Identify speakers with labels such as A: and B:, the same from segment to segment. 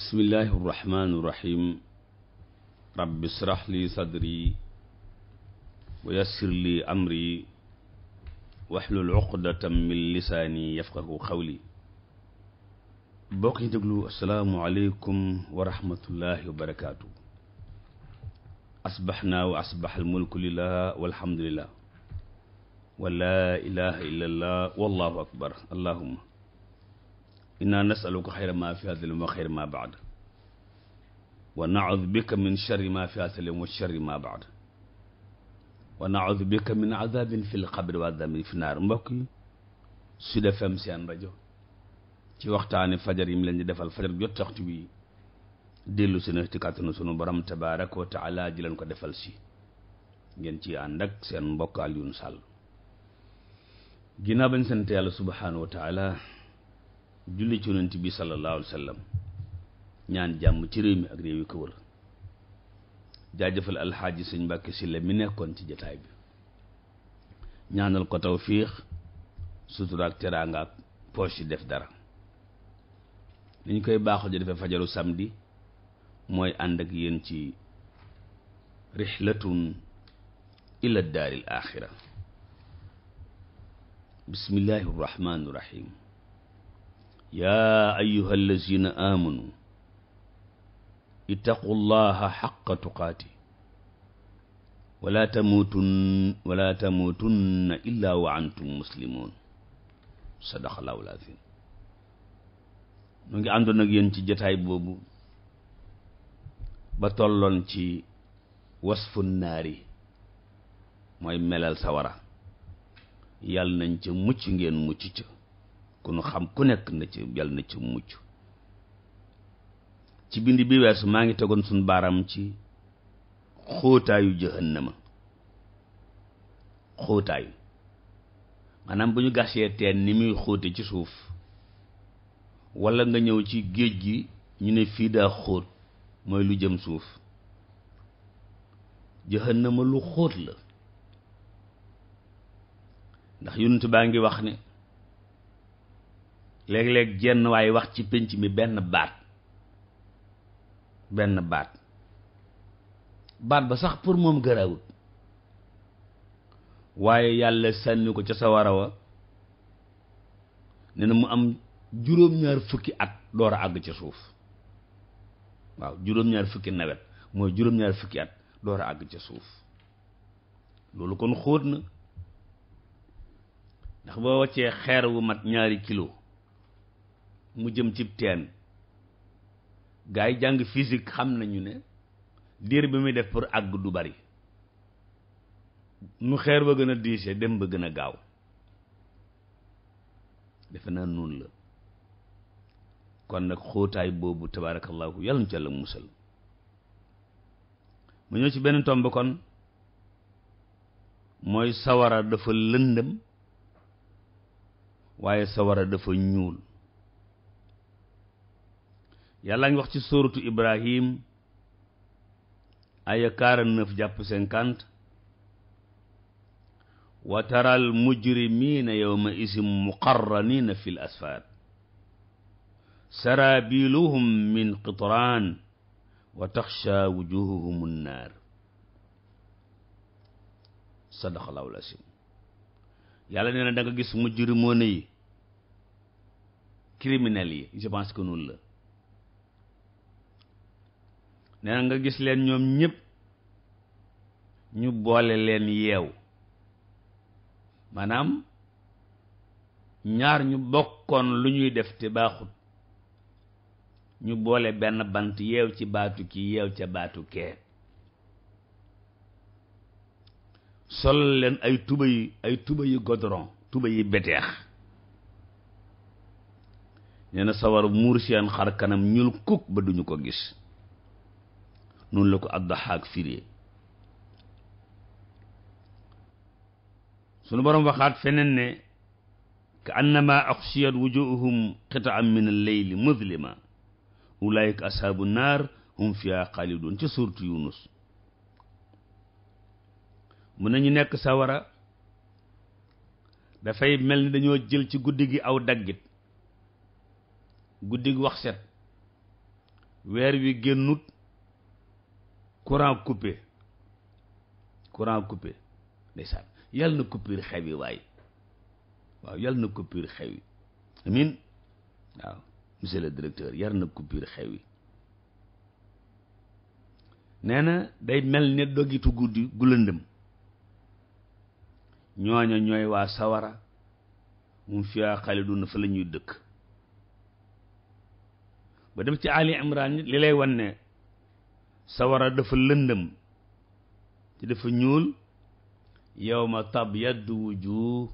A: bismillahi irrahmani irrahim rabbi israh li sadri wa yassir li amri waxlul uqdatam min lisaani yafqahu qawli bokk ñu déglu asalaamualeykum wa rahmatullahi wa barakaatu asbaxnaa wa asbax almulku lillah walhamdulillah wa laa ilaha illa allah wallahu akbar allahumma inna nasaluka xayra ma fi hada liyawm wa xayra ma baad wa naudu bika min charri ma fi hada liyawm wa ma baad wa naudu bika min azabin fi lqabri wa azabin seen rajo ci waxtaani fajar yi mu leen defal fajar jot waxtu bi dellu si na ci kàttanu sunu borom tabaaraka wa taala ji leen ko defal si ngeen ci ànd seen mbokk al Sall ginnaaw bañ sant yàlla subhaanahu wa taala julli ci yonent bi sallallahu alayhi wa ñaan jàmm ci réew mi ak réew yi ko wër jaajëfal alxaaji sëñ Mbàkke Sylla mi nekkoon ci jataay bi ñaanal ko tawfiix suturaak teraanga ak poche def dara li ñu koy baaxoo ji defee fajaru samedi mooy ànd ak yéen ci rixlatun ila daaril axira bismillahi rahmaani rahim yaa ayyuha allazina amanu ittaqullaha xaqa tuqaati wala tamutun wala tamutunna illa wa antum muslimun sadaqallahu alazim mu ngi àndoon ak yéen ci jataay boobu ba tolloon ci wasfu naari mooy melal sawara yàlla nañ ca mucc ngeen mucc ca ku xam ku nekk na ci yàlla na ci mucc ci bind bi weesu maa ngi tegoon suñ baaraam ci xóotaayu jahannama xóotaayu maanaam bu ñu gasee teen ni muy xóote ci suuf wala nga ñëw ci géej gi ñu ne fii daa xóot mooy lu jëm suuf jahannama lu xóot la ndax yonent baa ngi wax ne léeg-léeg jenn waaye wax ci pénc mi benn baat benn baat baat ba sax pour moom garaawut waaye yàlla sànni ko ca a wa ne mu am juróom-ñaar fukki at door a àgg ca suuf waaw juróom-ñaar nawet mooy juróom-ñaar fukki ca suuf loolu kon xóot na ndax boo wàccee xeer wu mat ñaari kilo mu jëm cib teen gars yi jàng physique xam nañu ne diir bi muy def pour àgg du bari mu xeer ba gën a diise dem ba gën a gaaw defe naa noonu la kon nag xóotaay boobu tabaarakallahu yàlla na ci yàlla musal mu ñëw ci benn tomb kon mooy sawara dafa lëndëm waaye sawara dafa ñuul yàlla ngi wax ci suuratu Ibrahim aya 49 jàpp 50 wa taral mujrimiina yawma isim muqarraniina fil asfaad min qitraan wa taxsha wujuhuhum nnaar sadaqallaahu l-aziim yàlla nee na da nga gis mujrimoon yi criminels yi je pense que noonu la nee na nga gis leen ñoom ñépp ñu boole leen yeew maanaam ñaar ñu bokkoon lu ñuy def te baaxut ñu boole benn bant yeew ci baatu ki yeew ca baatu kee sol leen ay tuba yi ay tuba yi godoron tuba yi beteex nee sawar muur seen xar kanam ñuul kuk ba duñu ko gis noonu la ko addaxaak firee sunu boroom waxaat feneen ne ka annama axshiyat wujuuhum qitaan min alleyli muzlima ulaayika ashaabu naar hum fiha xaalidun ca suurtu yunus mun nañu nekk sawara dafay mel ni dañoo jël ci guddi gi aw daggit guddi gi weer wi génnut courant coupé courant coupé ndeysaan yàlla na coupure xew yi waay waaw yàlla na coupure xew yi amin waaw monsieur directeur yàlla na coupure xew yi nee na day mel ne dogitu guddi gu lëndëm ñooy waa sawara mum fiyaa xaalidun fa la ñuy dëkk ba dem ci Ali Imran li lay wan ne sawara dafa lëndëm te dafa ñuul yawma tabyaddu wujuh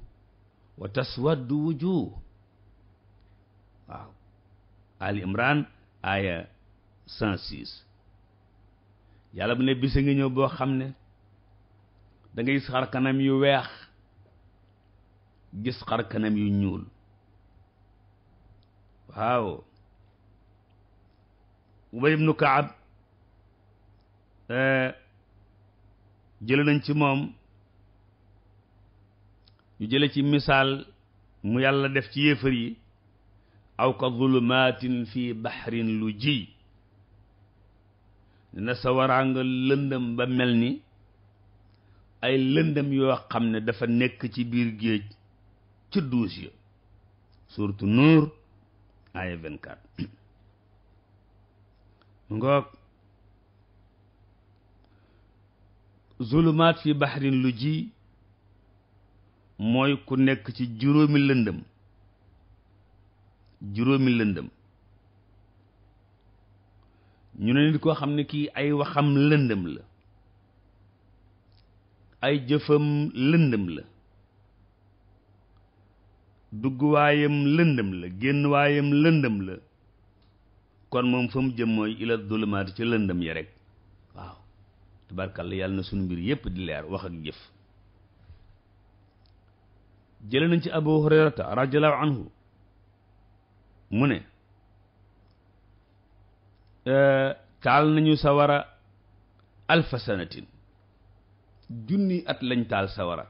A: wa taswaddu wujuh waaw al imran aya 106 yàlla bu ne bis ngi ñëw boo xam ne da ngay gis xar kanam yu weex gis xar kanam yu ñuul waaw ubay ibnu kaab jële nañ ci moom ñu jële ci misaal mu yàlla def ci yéefar yi aw ka zulumaatin fi baxrin lu ji dina sawaraa nga lëndëm ba mel ni ay lëndëm yoo xam ne dafa nekk ci biir géej ca duus ya suuratu nuur aaya 24 ngoog zulumaat fi baxrin lu ji mooy ku nekk ci juróomi lëndëm juróomi lëndëm ñu ne nit koo xam ne kii ay waxam lëndëm la ay jëfam lëndëm la dugguwaayam lëndëm la génn waayam lëndëm la kon moom fa mu jëm mooy ila dulumaat ci lëndëm ya rek tubaarkàlla yàlla na sunu mbir yépp di leer wax ak jëf jële nañ ci abu hurayrata radiallahu anhu mu ne euh, taal nañu sawara alfa sanatin junni at lañ taal sawara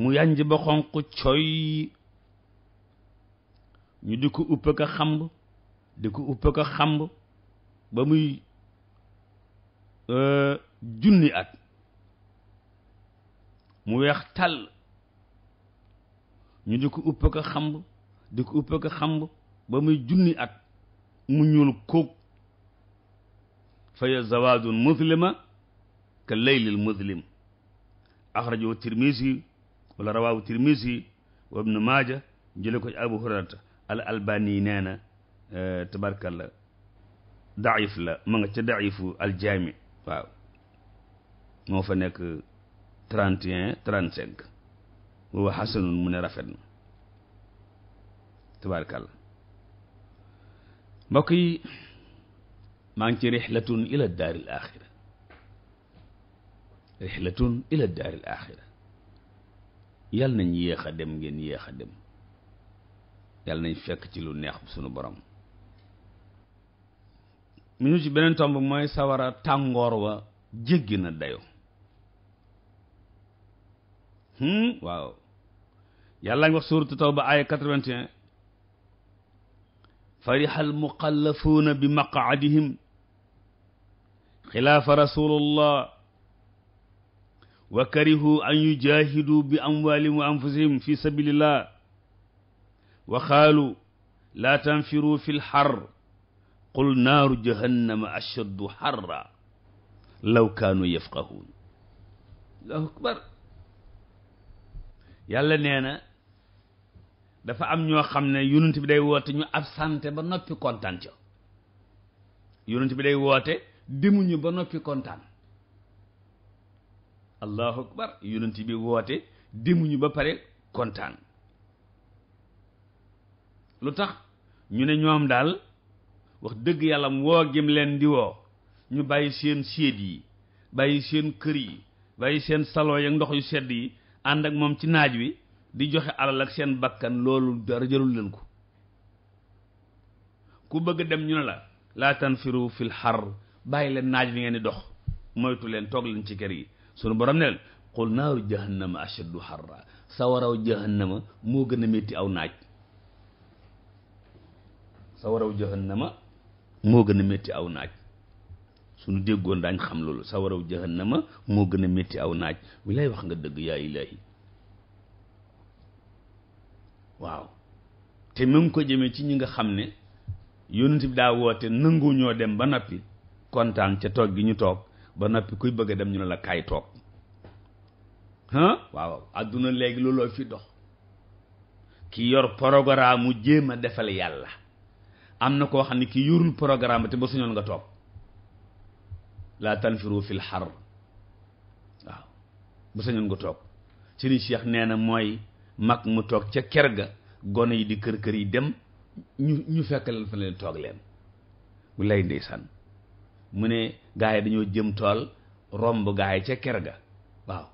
A: mu yànj ba xonq coy ñu di ko upp ka xamb di ko upp ka xamb ba muy Euh, junni at mu weex tàll ñu di ko upp ak xamb di ko upp ak xamb ba muy junni at mu ñuul kóog faya zawaadun muslima ka laylil muslim axrajahu tirmisi wala rawahu tirmisi wa ibnu maaja jële ko ci abu hurayrata al albani nee na euh, tabarkalla daif la ma nga ca daifu aljaami waaw moo fa nekk trente et un trente cinq wa mu ne rafet na tabarakallah mbokk yi maa ngi ci rixlatun ila daari l axira ila daari l axira yàlla nañ yéex a dem ngeen yéex a dem yàlla nañ fekk ci lu neex sunu borom mu ñu ci beneen tomb mooy sawara tàngoor wa jéggi na dayo hmm waaw yàlla ngi wax suuratu tawba aaya 81 farihal muqallafuuna bi maqaadihim xilaafa rasulullah wa karihu an yujahidu bi amwalihim wa anfusihim fi sabilillah wa qaalu laa tanfiru fi lxar qul naaru jahannama ashaddu harra law kaanu yafqahuun allahu akbar yàlla nee na dafa am ñoo xam ne yonent bi day woote ñu absenté ba noppi kontaan ca yonent bi day woote demuñu ba noppi kontaan allahu akbar ba pare kontaan lu tax ñu ne ñoom daal wax dëgg yàlla woo gim leen di woo ñu bàyyi seen séet yi bàyyi seen kër yi bàyyi seen salon ak ndox yu sedd yi ànd ak moom ci naaj wi di joxe alal ak seen bakkan loolu dara jarul leen ko ku bëgg dem ñu ne la laa tanfiru fil xar bàyyi leen naaj bi ngeen di dox moytu leen toog leen ci kër yi sunu borom ne leen qul naaru jahannama ashaddu xarra sawaraw jahannama moo gën a métti aw naaj sawaraw moo gën a métti aw naaj suñu déggoon daañ xam loolu sawaraw jahannama moo gën a métti aw naaj wi lay wax nga dëgg yaa ilaahi waaw te mu ngi ko jëmee ci ñi nga xam ne yonent bi daa woote nangu dem ba noppi kontaan ca toog gi ñu toog ba noppi kuy bëgg a dem ñu ne la kaay toog ah waaw àdduna léegi looloo fi dox ki yor programme mu jéem a defal yàlla am na koo xam ne kii yorul programme te ba suñoon nga toog laa tanfiru fil xar waaw ba suñoon nga toog Serigne Cheikh nee na mooy mag mu toog ca ker ga gone yi di kër kër yi dem ñu ñu fekk leen fa leen toog leen bu lay ndeysaan mu ne gaa yi dañoo jëm tool romb gaa yi ca ker ga waaw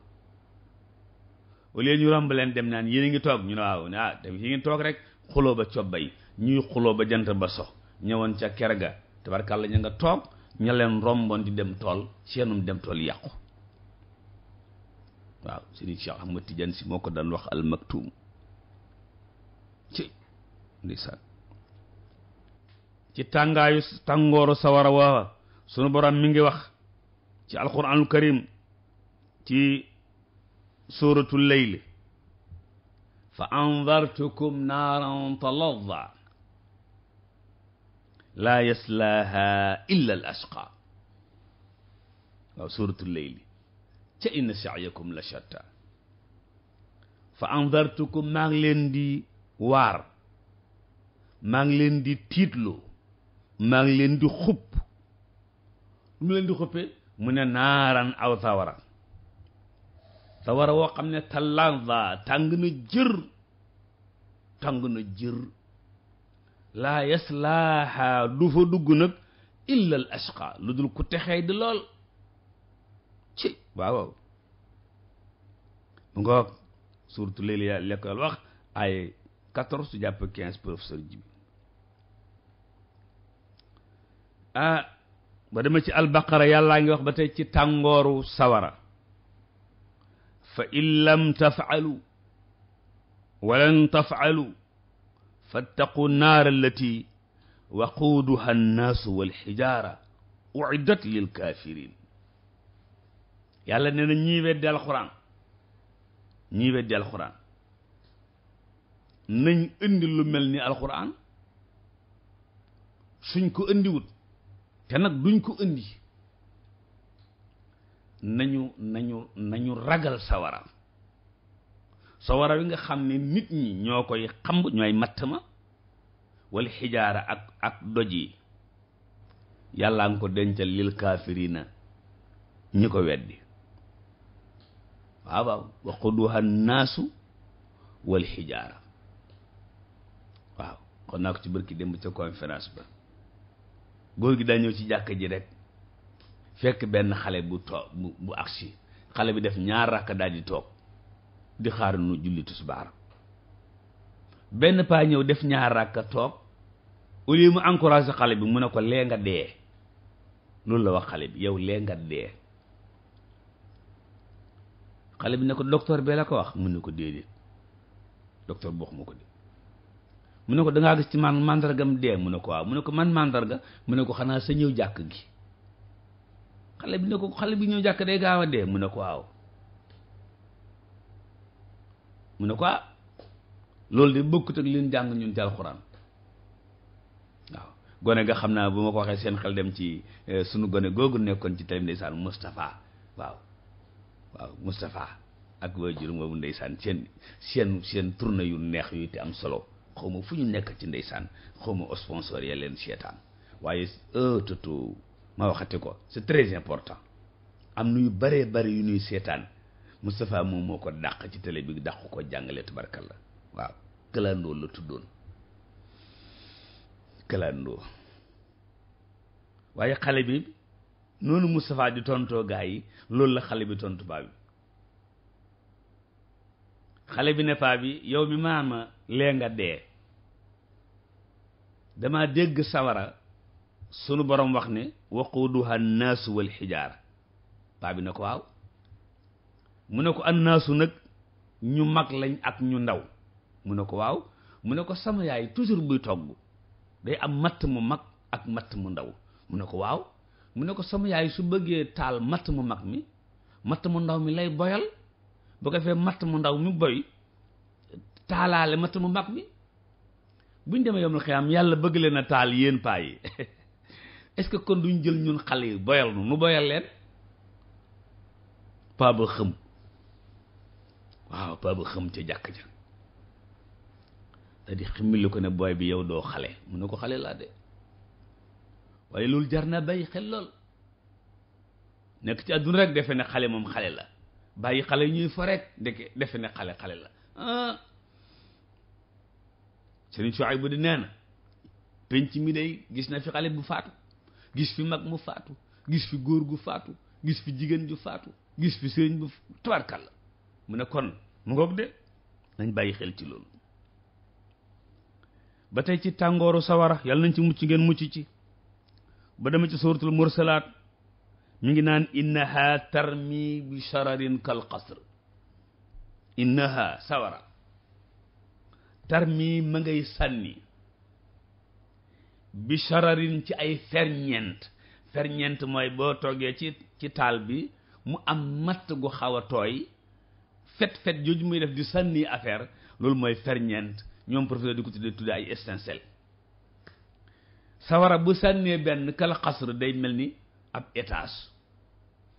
A: au lieu ñu romb leen dem naan yéen a ngi toog ñu ne waaw ah tamit ngi toog rek xuloo ba cob bay ñuy xuloo ba jant ba so ñëwoon ca ker ga tabarkàlla ña nga toog ña leen romboon di dem tool seenum dem tool yàqu waaw sëriñ Cheikh si moo ko daan wax al maktum ci tàngaayu tàngooru sawara wa sunu borom mi ngi wax ci alquranul karim ci suratul layl fa anzartukum naaran talazza laa yaslaaha illa al asqa waaw suuratul leyli ca inna sa'yakum la shatta fa anzartukum maa ngi leen di waar maa ngi leen di tiitlu maa ngi leen di xupp lu mu leen di xuppe mu ne naaran aw sawara sawara woo xam ne tallanza tàng na jër tàng na jër laa yaslaaha du fa dugg nag illa al ashqa lu dul ku texee di lool ci waaw waaw mu ngoog surtout léegi yaa lekkool wax ay quatorze su jàpp quinze professeur jibi ah ba dama ci albaqara yàllaa ngi wax ba tey ci tàngooru sawara fa in lam tafaalu walan tafaalu fattaqu naar allati waquuduha annaasu walxijaara uiddat lil kaafiriin yàlla nee na ñii weddi alxuraan ñii weddi alxuraan nañ indi lu mel ni alxuraan suñ ko indiwut te nag duñ ko indi nañu nañu nañu ragal sawara sawara wi nga xam ne nit ñi ñoo koy xamb ñooy matt ma wal xijaara ak ak doj yi yàllaa nga ko dencal lil kaafirina ñi ko weddi waaw waaw wa quduha naasu wal xijaara waaw kon naa ko ci barki démb ca conférence ba góor gi daa ñëw ci jàkka ji rek fekk benn xale bu toog bu bu xale bi def ñaar rakk daal di toog di xaar nu julli tisbaar benn paa ñëw def ñaar ràkka toog au lieu mu encouragé xale bi mu ne ko lee nga dee loolu la wax xale bi yow lee nga dee xale bi ne ko docteur bee la ko wax mu ne ko déedéet docteur bu wax ko dee mu ne ko dangaa gis ci man mandargam dee mu ne ko waaw mu ne ko man mandarga mu ne ko xanaa sa ñëw jàkk gi xale bi ne ko xale bi ñëw jàkk day gaaw a dee mu ne ko waaw mu ne ko ah loolu de bokkut ak leen jàng ñun ci alxuraan waaw gone ga xam naa bu ma ko waxee seen xel dem ci eh, sunu gone googu nekkoon ci tamit ndeysaan Moustapha waaw waaw ak ak waajur moomu ndeysaan seen seen seen tournée yu neex yu te am solo xaw ma fu ñu nekk ci ndeysaan xaw ma sponsor ya leen seetaan waaye ëtëtu euh, ma waxati ko c'est très important am nuyu baree bari yu nuy seetaan Moustapha moom moo ko dàq ci télé bi dàq ko jàngale tubarkalla waaw këlandoo la tuddoon këlandoo waaye xale bi noonu Moustapha di tontoo gaa yi loolu la xale bi tontu paa bi xale bi ne paa bi yow mi maama lee nga dee dama dégg sawara sunu borom wax ne waquduha naasu wal xijaara paa bi ne ko waaw mu ne ko annaasu nag ñu mag lañ ak ñu ndaw mu ne ko waaw mu ne ko sama yaay toujours buy togg day am matt mu mag ak matt mu ndaw mu ne ko waaw mu ne ko sama yaay su bëggee taal matt mu mag mi matt mu ndaw mi lay boyal bu ko defee matt mu ndaw mi boy taalaale matt mu mag mi buñ demee yomul xiyaam yàlla bëgg leen a taal yéen paa yi est-ce que kon duñ jël ñun xale yi boyal nu nu boyal leen paa ba xëm waaw paa ba xëm ca jàkk ja da di ximmilu ko ne booy bi yow doo xale mun ne ko xale laa de waaye loolu jar naa bàyyi xel lool nekk ci àdduna rek defe ne xale moom xale la bàyyi xale ñuy fa rek ndeke defe ne xale xale la ah Sëriñ di nee na penc mi day gis na fi xale bu faatu gis fi mag mu faatu gis fi góor gu faatu gis fi jigéen ju faatu gis fi sëriñ bu tabarkal la mu ne kon mu ngoog de nañ bàyyi xel ci loolu ba tey ci tàngooru sawara yàlla nañ ci mucc ngeen mucc ci ba dema ci suratul mursalaat mu ngi naan innaha tarmi bi shararin kal qasr innaha sawara tarmi ma ngay sànni bi shararin ci ay ferñeent ferñeent mooy boo toogee ci ci taal bi mu am matt gu xaw a tooy fet fet jooju muy def di sànni affaire loolu mooy ferñeent ñoom professeur di ko tuddee tuddee ay étincelle sawara bu sànnee benn kala xasr day mel ni ab etaas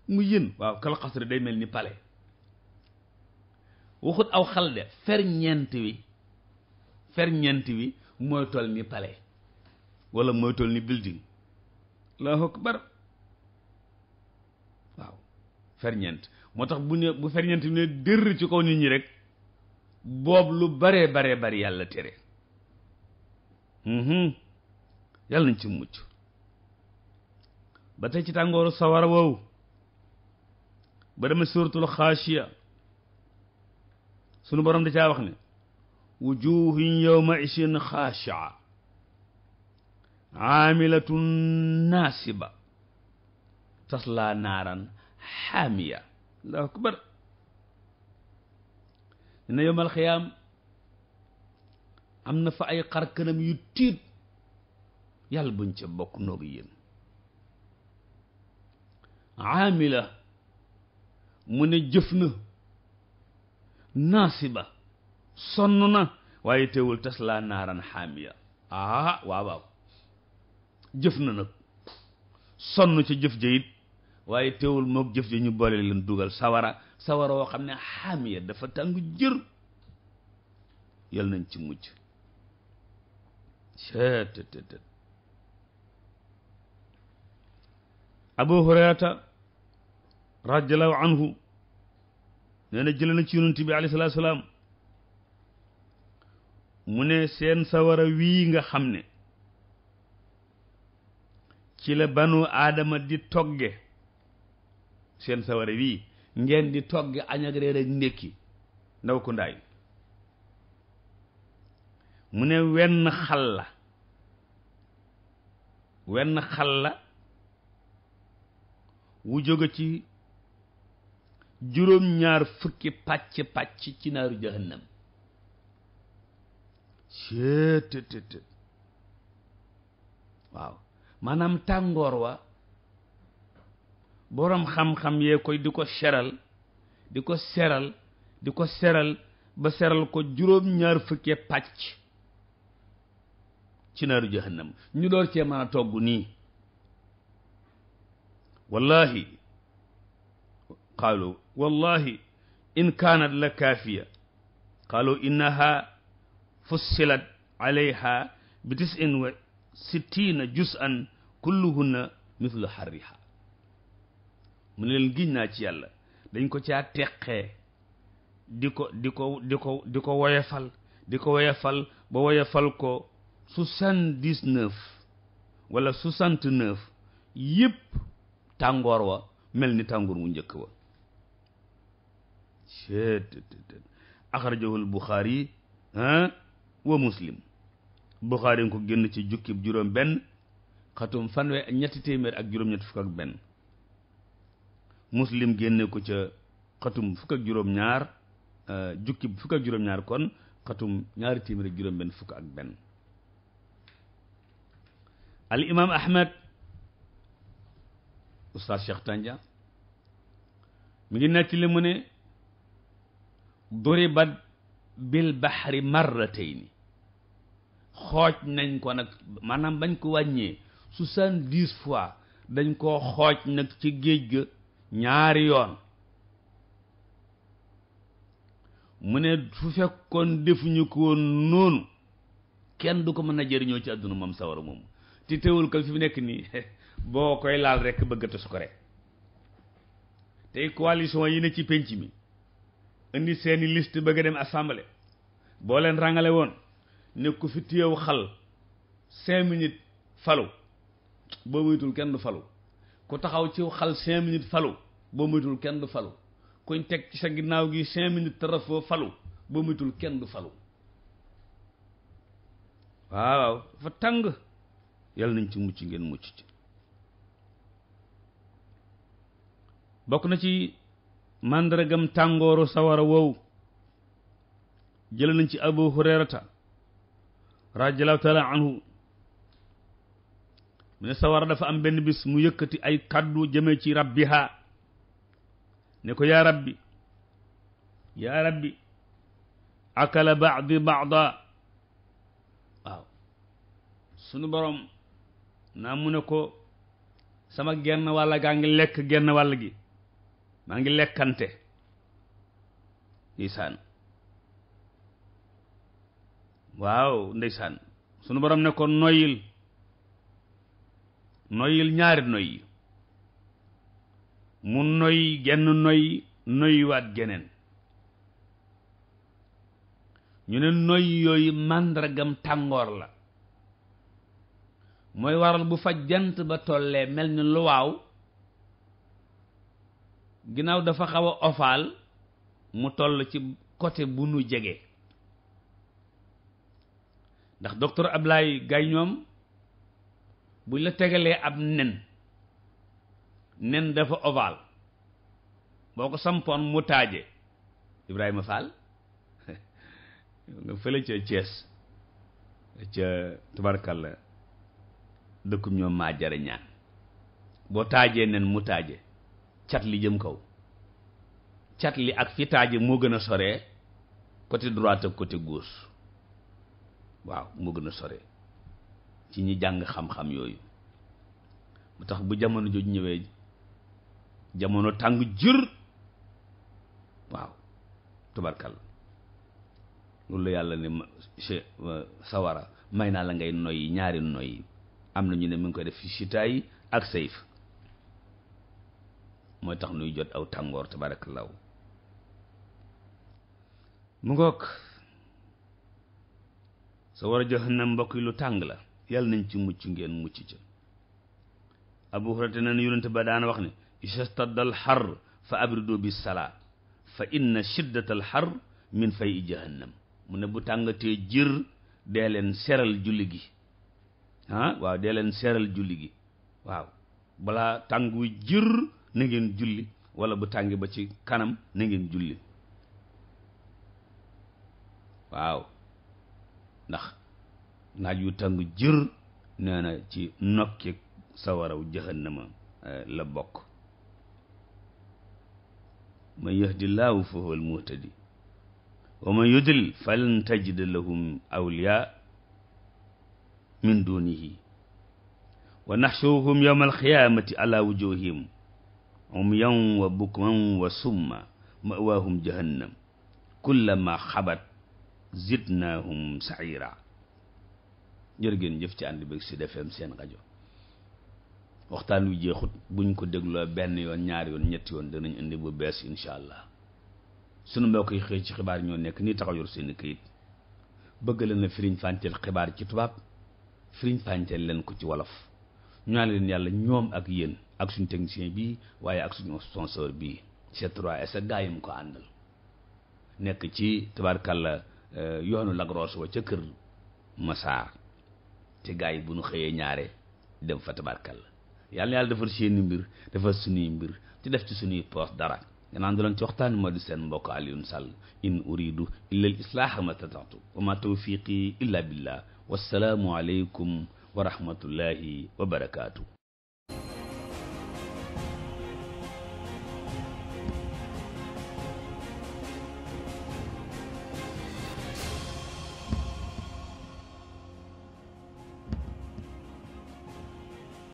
A: mu yën waaw kala xasr day mel ni palais waxut aw xal de ferñeent wi ferñeent wi mooy toll ni palais wala mooy toll ni building allahu akbar waaw ferñeent moo tax bu ne bu ferñeent ne dër ci kaw nit ñi rek boobu lu baree baree bari yàlla tere mhm. yàlla nañ ci mucc ba tey ci tàngooru sawara wow ba dama suratul xaashiya sunu borom da caa wax ne wujuhun yawma isin xaashaa aamilatun naasiba taslaa naaraan xaamiya allahu akbar dina am na fa ay xar kanam yu tiit yàlla buñ ca bokk noogi yéen aamila mu ne jëf na naasiba sonn na waaye teewul tas laa naaran xaamiya aa waaw waaw jëf na nag sonn ca jëf ja waaye teewul mook jëf ji ñu boole leen dugal sawara sawara woo xam ne xamiya dafa tàng jër yal nañ ci mujj cettt abu hurayrata radiallahu anhu nee na ci yonent bi alayhi salaam mu ne seen sawara wii nga xam ne ci la banu aadama di togge seen saware wii ngeen di togg añ ak reer ak ndékki ndaw ko ndaay mu ne wenn xal la wenn xal la wu jóge ci juróom-ñaar fukki pàcc-pàcc ci naaru jahannam seet waaw maanaam tàngoor wa borom xam-xam yee koy di ko seral di ko seral di ko seral ba seral ko juróom-ñaar fukkee pàcc ci naaru jahannam ñu door cee mën togg nii wallahi qaalu wallahi in kaanat la kaafiya qaalu innaha fussilat alayha bi tisin wa sittiina juz'an kulluhunna mithlu harriha mu ne leen giñ naa ci yàlla dañ ko caa teqee di ko di ko di ko di ko woyefal di ko woyefal ba woyefal ko soixante-dix-neuf wala soixante-neuf yëpp tàngoor wa mel ni tàngoor wu njëkk wa cettt axrajahul Buxaari ah, wa Muslim Buxaari nga ko génn ci jukkib juróom benn xatum fanwe ñetti téeméer ak juróom-ñetti fukk ak benn muslim génne ko ca xatum fukk ak juróom-ñaar euh, jukki fukk ak juróom-ñaar kon xatum ñaari téeméer ak juróom-benn fukk ak benn al imaam Ahmed oustaz Cheikh Tandia mi ngi nettali mu ne duribat bil bahri marratayni xooj nañ ko nag maanaam bañ ko wàññee soixante-dix fois dañ koo xooj nag ci géej ga ñaari yoon mu ne su fekkoon defuñu ko noonu kenn du ko mën a jëriñoo ci àdduna moom sawara moom te teewul ka fi mu nekk nii boo koy laal rekk bëgg a tos ko rek tey coalition yi ne ci penc mi indi seeni liste bëgg a dem assemblée boo leen ràngale woon ne ku fi téyew xal cinq minutes falu boo moytul kenn du falu ku taxaw ci xal cinq minutes falu boo moytul kenn du falu kuñ teg ci sa ginnaaw gi cinq minutes tarafoo falu boo moytul kenn du falu waaw fa tàng yàlla nañ ci mucc ngeen mucc ci bokk na ci màndargam tàngooru a woowu jël nañ ci abu hurairata radiyallahu taala anhu mu ne sawara dafa am benn bis mu yëkkati ay kaddu jëme ci rabbiha ne ko yaa rabbi yaa rabbi akala baadi baada waaw sunu borom naa mu ne ko sama genn wàll gaa ngi lekk genn wàll gi maa ngi lekkante ndeysaan waaw ndeysaan sunu borom ne ko noyil noyyil ñaari noyyi mu noyyi genn noyyi noyyiwaat geneen ñu ne noyyi yooyu màndargam tàngoor la mooy waral bu fa jant ba tollee mel ni lu waaw ginnaaw dafa xawa a ofaal mu toll ci côté bu nu jege ndax docteur Ablaye Gaye ñoom buñ la tegalee ab nen nen dafa ovale boo ko sampoon mu taaje Ibrahima Fall nga fële ca Thiès ca tubarkalla dëkkum ñoom maa jare boo taajee nen mu taaje cat li jëm kaw cat li ak fi taaje moo gën a sore côté droite ak côté waaw moo gën a sore ci ñi jàng xam-xam yooyu mu tax bu jamono jooju ñëwee jamono tàng jër waaw tubarkal loolu la yàlla ne euh, sawara may naa la ngay noyyi ñaari noyyi am na ñu ne mu ngi koy def sitaay ak sayf mooy tax nuy jot aw tàngoor tabarakallah mu ngoog sa war a jox na mbokk yi lu tàng la yàlla nañ ci mucc ngeen mucc ca abu hurayra ne ba daana wax ne istadda al xar fa abridu bis salaa fa inna shiddata xar min fay i mu ne bu tàngatee jër dee leen seral julli gi ah, waaw dee leen seral julli gi waaw balaa tàng wi jër na ngeen julli wala bu tàngi ba ci kanam na ngeen julli waaw ndax naaj yu tàng jër nee na ci nokki sawaraw jahannama eh, la bokk man yahdillaahu fa huwa almuhtadi wa man yudlil falan tajida lahum awliyaa min dunihi wa naxshuruhum yawma alqiyaamati ala wujuhihim umyan wa bukman wa summa mawaahum jahannam kullama xabat zidnaahum saira jërë ngeen jëf ci ànd beeg si FM seen rajo waxtaan wi jeexut buñ ko dégloo benn yoon ñaari yoon ñetti yoon danañ indi bu bees incha allah sunu mbokk yi xëy ci xibaar ñoo nekk nii taxaw yor seen këyit bëgg leen a firiñ fànteel xibaar ci tubaab firiñ fànteel leen ko ci wolof ñoo leen yàlla ñoom ak yéen ak suñu technicien bii waaye ak suñu sponsor bii C3S ak mu ko àndal nekk ci tabaarkàlla euh, yoonu Lagros wa ca kër Massar. te gars yi bu nu xëyee ñaare dem fa tabarkalla yàlla na yàlla defar seen mbir defar suñuy mbir te def ci suñuy poos dara nga naan doon ci waxtaan ma di seen mbokk Alioune Sall in uridu illa al islaaha ma tataatu wa ma tawfiqi illa billah wassalaamu aleykum wa rahmatullahi wa